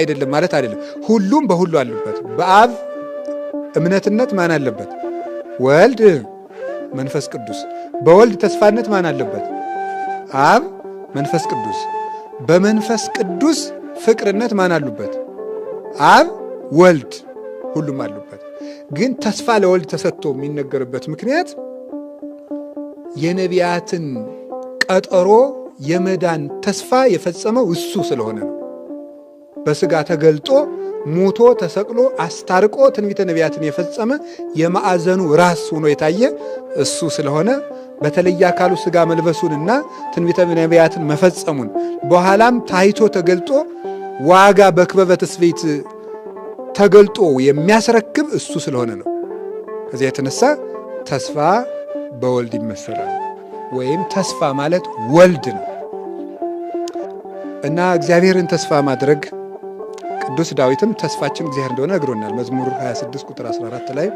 አይደለም ማለት አይደለም። ሁሉም በሁሉ አሉበት። በአብ እምነትነት ማን አለበት? ወልድ መንፈስ ቅዱስ። በወልድ ተስፋነት ማን አለበት? አብ መንፈስ ቅዱስ። በመንፈስ ቅዱስ ፍቅርነት ማን አሉበት? አብ ወልድ፣ ሁሉም አሉበት። ግን ተስፋ ለወልድ ተሰጥቶ የሚነገርበት ምክንያት የነቢያትን ቀጠሮ የመዳን ተስፋ የፈጸመው እሱ ስለሆነ ነው። በስጋ ተገልጦ ሙቶ ተሰቅሎ አስታርቆ ትንቢተ ነቢያትን የፈጸመ የማዕዘኑ ራስ ሆኖ የታየ እሱ ስለሆነ በተለየ አካሉ ስጋ መልበሱንና ትንቢተ ነቢያትን መፈጸሙን በኋላም ታይቶ ተገልጦ ዋጋ በክበበ ትስብእት ተገልጦ የሚያስረክብ እሱ ስለሆነ ነው። ከዚያ የተነሳ ተስፋ በወልድ ይመሰላል ወይም ተስፋ ማለት ወልድ ነው እና እግዚአብሔርን ተስፋ ማድረግ ቅዱስ ዳዊትም ተስፋችን እግዚአብሔር እንደሆነ ነግሮናል። መዝሙር 26 ቁጥር 14 ላይ